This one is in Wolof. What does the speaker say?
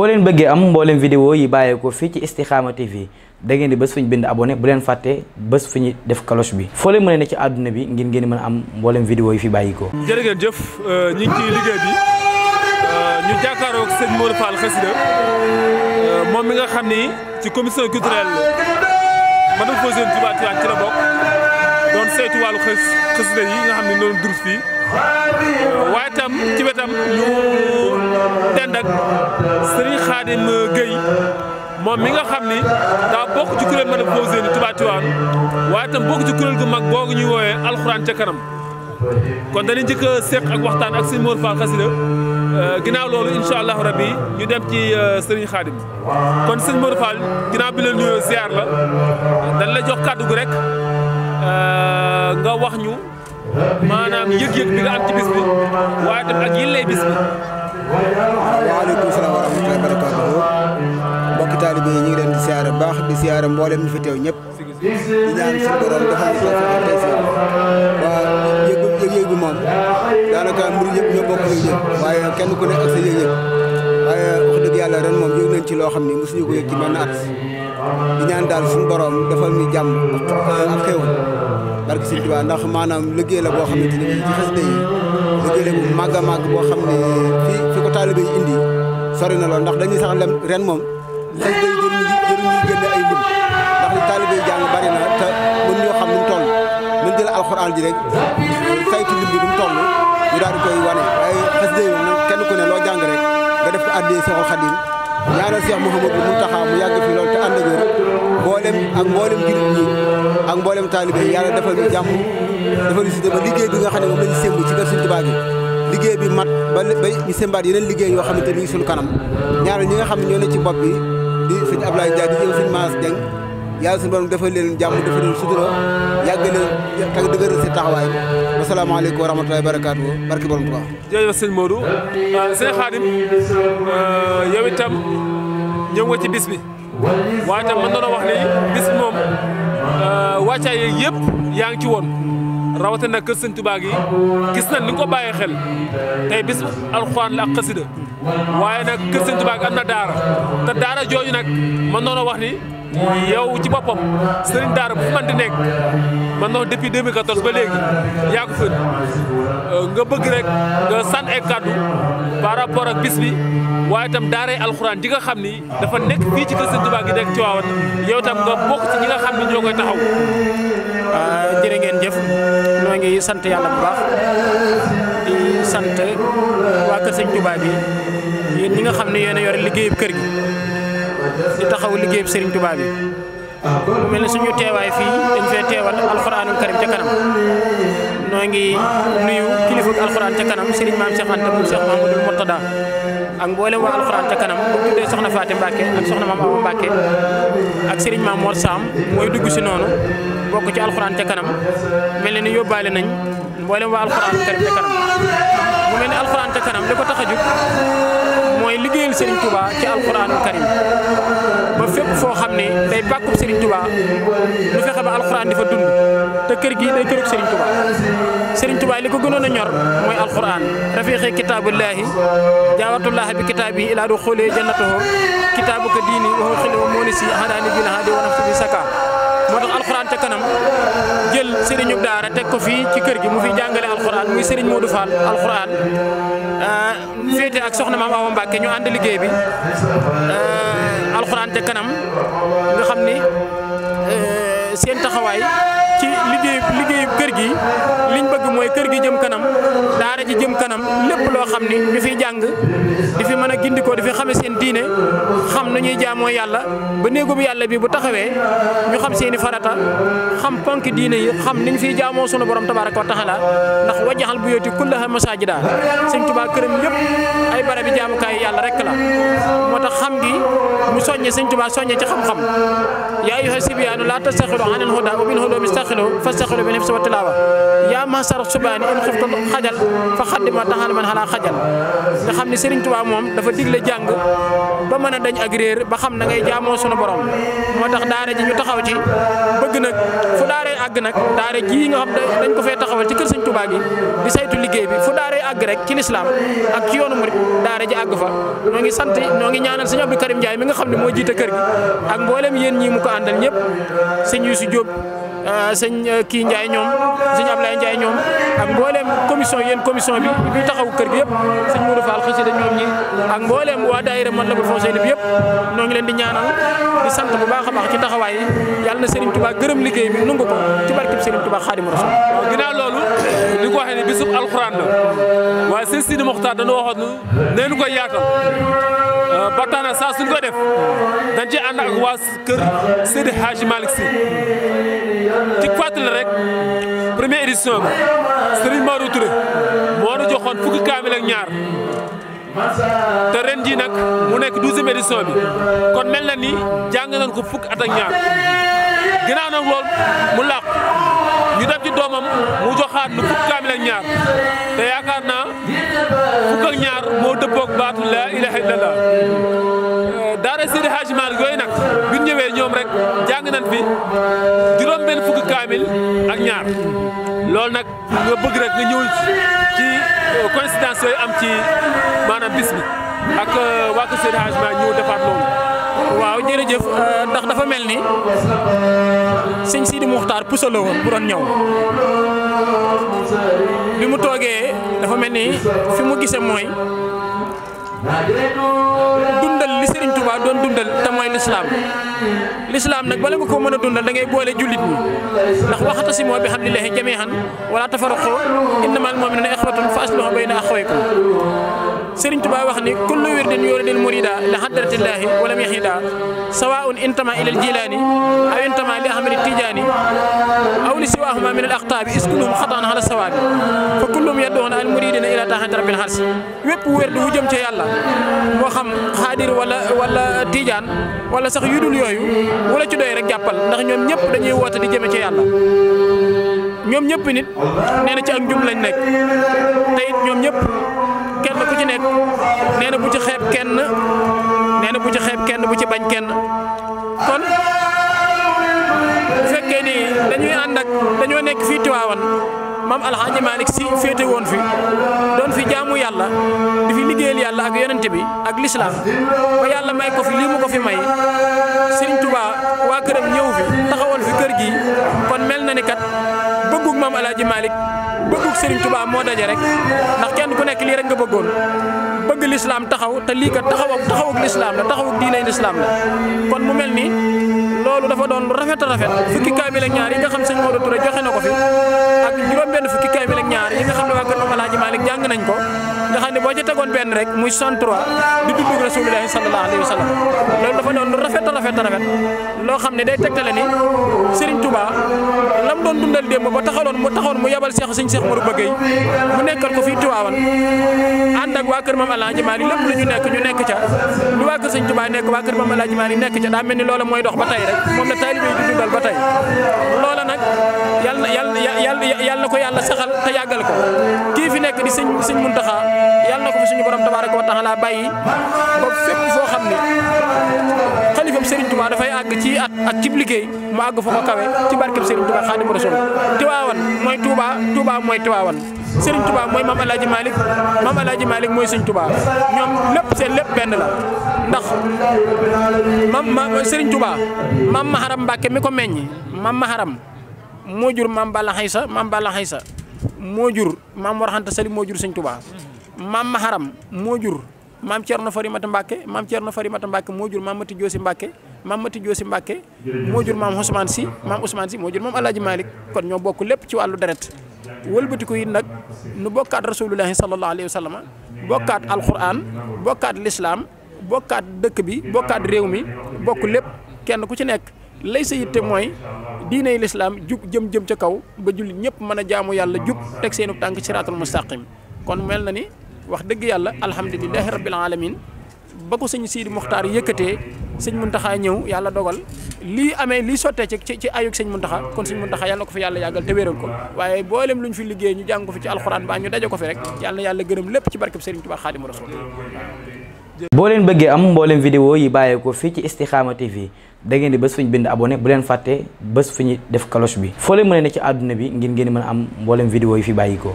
boo leen bëggee am mbooleem vidéo yi bàyyeekoo fii ci Istikhama TV da ngeen di bés fu ñu bind abonné bu leen fàttee bés fu ñu def cloche bi foo leen mën a ne ci àdduna bi ngir ngeen mën a am mbooleem vidéo yi fi bàyyikoo jërë ngeen jëf euh, ñu ngi ci liggéey bi euh, ñu euh, moom mi nga xam ni ci commission culturelle Madame Fassène Touba Tivaouane ci la bokk doon saytu wàllu xës xësida yi nga xam ne noonu durus euh, waaye tam ci wetam ñu dend ak Serigne Khadim moom mi nga xam ni daa bokk ci kuréel mën a posé ni waaye tam bokk ci kuréel gu mag googu ñuy woowee alxuraan ca kanam kon dañuy njëkk a seq ak waxtaan ak Serigne Mor Fall xasida euh, ginnaaw loolu incha allahu rabi ñu dem ci euh, Serigne Khadim kon Serigne Mor Fall ginnaaw bi la nuyoo ziar la dañ la jox kàddu rek. Euh, nga wax ñu maanaam yëg-yëg bi nga am ci bis bi waaye tam ak yillee bis bi. waaleykum salaam wa rahmatullaahi wa barakaatuh mbokki taalibe yi ñu ngi leen di siyaare baax di siyaare mboolem ñu fi teew ñëpp di ñaan suñu borom defal ko tey si waaw yëg yëg-yëg daanaka mbir yëpp ñoo yëg-yëg waaye kenn ku ne ak sa yëg-yëg. ci loo xam ni si ko yëg ci benn at di ñaan daal suñu borom defal ñu jàmm ak xéewal barke Sëñ Tuubaa ndax maanaam liggéey la boo xamante ne bii ci xasida yi liggéey la bu màgg a màgg boo xam ne fii fi ko taalibe indi sori na lool ndax dañuy sax lem ren moom xasida yi jëruñu jëruñu génne ay lim ndax li taalibe jàng bari te mën ñoo xam nu mu jël alxuraan ji saytu lim bi du mu toll ñu koy wane waaye xasida yi moom kenn ne loo jàng rek nga def ko addee Seexul Xadiim ñaanal Cheikh Mouhamadou Mountakha mu yàgg fi lool te ànd ak wér mboolem ak mboolem jullit ñi ak mboolem taalibe yàlla defal ñu jàmm defal ñu si ba liggéey bi nga xam ne moom lañu sémb ci kër Sëriñ Tuubaa gi liggéey bi mat ba bay ñu sémbaat yeneen liggéey yoo xamante ni suñu kanam ñaanal ñi nga xam ne ñoo ne ci bopp bi di sëñ Ablaye Dia di jëm si Maas Dieng yàlla suñu borom dafa leen jàmm dafa leen sutura yàgg leen tag dëgëral seen taxawaay bi asalaamaaleykum wa rahmatulahi barakaatu barki borom Tuubaa jërëjëf sëñ Modou euh, sëñ Xaadim euh, yow itam ñëw nga ci bis bi waaye itam mën nañoo wax ni bis moom euh, wàccaay yeeg yëpp yaa ci woon rawatina nag kër sëñ gis nañ ni ko bàyyee xel tey bis alxuraan la ak waaye nag kër sëñ am na daara te daara jooju nag mën nañoo wax ni yow ci boppam Serigne Daara bu mënti nekk man noonu depuis 2014 ba léegi yaa ko fën euh, nga bëgg rek nga sànn ay kàddu par ak bis bi waaye itam daaray alxuraan ji nga xam ni dafa nekk fii ci kër Serigne Touba gi nekk ci waawan yow itam nga bokk ci ñi nga xam ni ñoo euh, ngeen jëf ñoo ngi sant yàlla bu nga xam ne yéen a yore liggéeyub kër gi. di taxaw liggéeyub Serigne Touba bi bu mel ne suñu teewaay fii dañ fee teewal alxuraanul karim ca kanam noo ngi nuyu kilifa alxuraan ca kanam Serigne maam Cheikh Anta mu Cheikh Mamadou Murtada ak mboolem waa alxuraan ca kanam bu tuddee soxna Faati Mbàkke ak soxna maam Awa Mbàkke ak Serigne maam Mor Sam mooy dugg si noonu bokk ci alxuraan ca kanam mel ne ni yóbbaale nañ. mboolem waa alxuraanu karim te kanam mu mel ne alxuraan te kanam li ko tax a jóg mooy liggéeyal sëriñ Touba ci alxuraanu karim ba fépp foo xam ne day bàkkub Serigne Touba lu fexe ba alxuraan di fa dund te kër gi day kërug Serigne Touba Serigne Touba li ko gënoon a ñor mooy alxuraan rafiixi kitaabullaahi jaawatullaahi bi kitaabi ilaa du xoolee jannatuhu kitaabu ko diini waxu xile wa mooni si xanaa ni bil haadi wa nafsi bi saka moo tax alxuraan ca kanam jël sëriñu daara teg ko fii ci kër gi mu fi jàngale alxuraan muy sëriñ Modou Fall alxuraan euh, féete ak soxna maam Awa Mbacke ñu ànd liggéey bi euh, alxuraan ca kanam nga xam ni euh, seen taxawaay ci liggéey liggéeyu kër gi. liñ bëgg mooy kër gi jëm kanam daara ji jëm kanam lépp loo xam ni ñu fiy jàng di fi mën a gindikoo di fi xame seen diine xam nu ñuy jaamoo yàlla ba néegu bu yàlla bi bu taxawee ñu xam seeni farata xam ponk diine yi xam niñ fiy jaamoo sunu borom tabaaraka wa taala ndax wajaxal bu yooti kullaha masajida sëñ Tuubaa këram yëpp ay barabi jaamukaay yàlla rek la moo tax xam gi mu soññe sëñ Tuubaa soññe ci xam-xam yaa ayyuha sibiyaanu laa tastaxilu anil huda wa bil huda mustaxilu fastaxilu bi yaa ma sar subaani in xifta xajal fa xaddima ma man xalaa xajal nga xam ne Serigne Touba moom dafa digle jàng ba mën a dañ ak réer ba xam na ngay jaamoo sunu borom moo tax daara ji ñu taxaw ci bëgg nag fu daaree àgg nag daara ji nga xam dañ ko fee taxawal ci kër Serigne tubaa gi di saytu liggéey bi fu daaree àgg rek ci lislaam ak ci yoonu murit daara ji àgg fa noo ngi sant ñoo ngi ñaanal Serigne bi Karim njaay mi nga xam ne moo jiite kër gi ak mboolem yéen ñi mu ko àndal ñëpp Serigne Youssou Diop Euh, sëñ euh, kii Ndiaye ñoom sëñ Ablaye Ndiaye ñoom ak mbooleem commission yéen commission bi bi taxaw kër gi yëpp sëñ Mourou Fall xasida ñoom ñi ak mbooleem waa daayira man la bu foncé bi yëpp noo ngi leen di ñaanal di sant bu baax a baax ci taxawaay yi yàlla na Serigne tubaa gërëm liggéey bi nangu ko ci barkib Serigne Touba Xaadimu Rasul ginnaaw loolu di ko waxee ne bisub alxuraan la waaye sëñ Sidi Mokhtar dañu waxoon ne ñu koy yaatal euh, ba tax na saa suñ ko ci ànd ak waa kër Seydi Hadji Malick ci fàttali rek première édition bi Serigne Maodo Touré moo nu joxoon fukki kaamil ak ñaar te ren jii nag mu nekk douzième édition bi kon mel na ni jàng nañ ko fukki at ak ñaar ginnaaw nag lool mu làq ñu def ci doomam mu joxaat nu fukki kaamil ak ñaar te yaakaar naa fukk ñaar moo dëppoog baatu laa ilaha illallah daara Seydi Hadji Malick yooyu nag bi ñu ñëwee ñoom rek jàng nañ fi juróom benn fukki kaamil ak ñaar loolu nag nga bëgg rek nga ñëw ci euh, coïncidence am ci maanaam bis ak euh, waa kër waaw jërëjëf euh, ndax dafa mel ni sëñ Sidi Muxtaar puso la woon bu doon ñëw bi mu toogee dafa mel ni fi mu gisee mooy Touba doon dundal te mooy lislaam lislaam nag bala nga ko mën a dundal da ngay boole jullit ñi ndax waxtasimoo bi hablillahi jamiihan wala tafarraqu innamal mu'minuuna ixwatun fa aslihu bayna axawaykum Serigne Touba wax ni kullu wirdin yuridil murida li hadratillahi wa lam yahida sawaun intama ila aljilani aw intama li ahmad tijani aw li siwahuma min alaqtabi iskulhum xataan ala sawabi fa kullum yadduuna al muridina ila taxat rabbil xarsi wépp wérdu wu jëm ca yàlla moo xaadir wala wala tijaan sax yudul yooyu wala ci doy rek jàppal ndax ñoom ñëpp dañuy woote di jëme ca yàlla ñoom ñëpp nit nee na ci ak njub lañ nekk te it ku ci nekk nee na bu ci xeeb kenn nee bu ci xeeb kenn bu ci bañ kenn kon bu fekkee ni dañuy ànd ak dañoo nekk fii Tiwaawan maam Alxaaji Malick si féete woon fi yàlla ak yonent bi ak lislaam ba yàlla may ko fi lii mu ko fi may Sëriñ Tuuba waa këram ñëw fi taxawal fi kër gi kon mel na ni kat bëggug maam El Hadj Malick bëggug Sëriñ Tuuba moo daje rek ndax kenn ku nekk lii rek nga bëggoon bëgg lislaam taxaw te lii kat taxaw taxawug lislaam la taxawug diinay lislaam la kon mu mel ni. loolu dafa doon rafet rafet fukki kaamil ak ñaar yi nga xam sëñ Modou Touré joxe na ko fi ak juróom-benn fukki kaamil ak ñaar yi nga xam ne waa kër Mame Alhaji Malick jàng nañ ko nga xam ne boo ca benn rek muy 63 di dundug Rasulullahi sallallahu alayhi wa sallam loolu dafa doon loo xam ne day tegtale ni Serigne Touba lam doon dundal démb ba taxaloon mu taxoon mu yabal seex sëñ mu nekkal ko fii Tiwaawan ànd ak waa nekk ñu nekk ca lu waa kër sëñ Touba nekk waa kër Mame Alhaji Malick nekk ca daa mel ni mooy dox ba tey rek moom la taalibe yi di ba tey loola nag yal na yal na yal na ko yàlla saxal te yàggal ko kii fi nekk di sëñ mun Muntaxa yal na ko fi suñu borom tabaaraka wa taala bàyyi ba fépp foo xam ne xalifam Serigne Touba dafay àgg ci at ak cib liggéey mu àgg fa kawe ci barkeb Serigne Touba Xaadimu Rasuul Tiwaawan mooy Touba Touba mooy Tiwaawan Serigne Touba mooy maam El Hadj Malick maam El Hadj Malick mooy Serigne Touba ñoom lépp seen lépp benn la ndax mam ma Serigne Touba maam Maharam Mbacke mi ko meññ maam Maharam moo jur maam Balla Xaysa maam Balla Xaysa moo jur maam Warxanta Sali moo jur Serigne Touba maam Maharam moo jur maam Thierno Farimata Mbacke maam Thierno Farimata Mbacke moo jur maam Mati Joosi Mbacke maam Mati Joosi Mbacke moo jur maam Ousmane Si maam Ousmane Si moo jur maam El Hadj Malick kon ñoo bokk lépp ci wàllu deret wëlbatiku yi nag nu bokkaat rasulullahi sallallahu alayhi wa sallam bokkaat alquran bokkaat lislaam bokkaat dëkk bi bokkaat réew mi bokk lépp kenn ku ci nekk lay sa yitte mooy diiney lislaam jub jëm-jëm ca kaw ba julli ñëpp mën a jaamu yàlla jub teg seenu tànk siraatul mustaqim kon mel na ni wax dëgg yàlla alhamdulilahi rabbil alamin ba ko sëñ Sidi Muxtaar yëkkatee sëñ Muntaxa ñëw yàlla dogal lii amee lii sottee ci ci ayug sëñ Muntaxa kon sëñ taxa yàlla na ko fi yàlla yàggal te wéral ko waaye boolem lu ñu fi liggéey ñu jàng ko fi ci alxuraan ba ñu daje ko fi rek yàlla gërëm lépp ci barkeb Sëriñ Tuubaa Xaadimu Rasuul boo leen bëggee am mbooleem vidéo yi bàyyeekoo fii ci Istikhama TV da ngeen di bés fu ñu bind abonné bu leen fàtte bés fu ñu def cloche bi foo leen mën ne ci àdduna bi ngir ngeen mën am mboolem vidéo yi fi bàyyikoo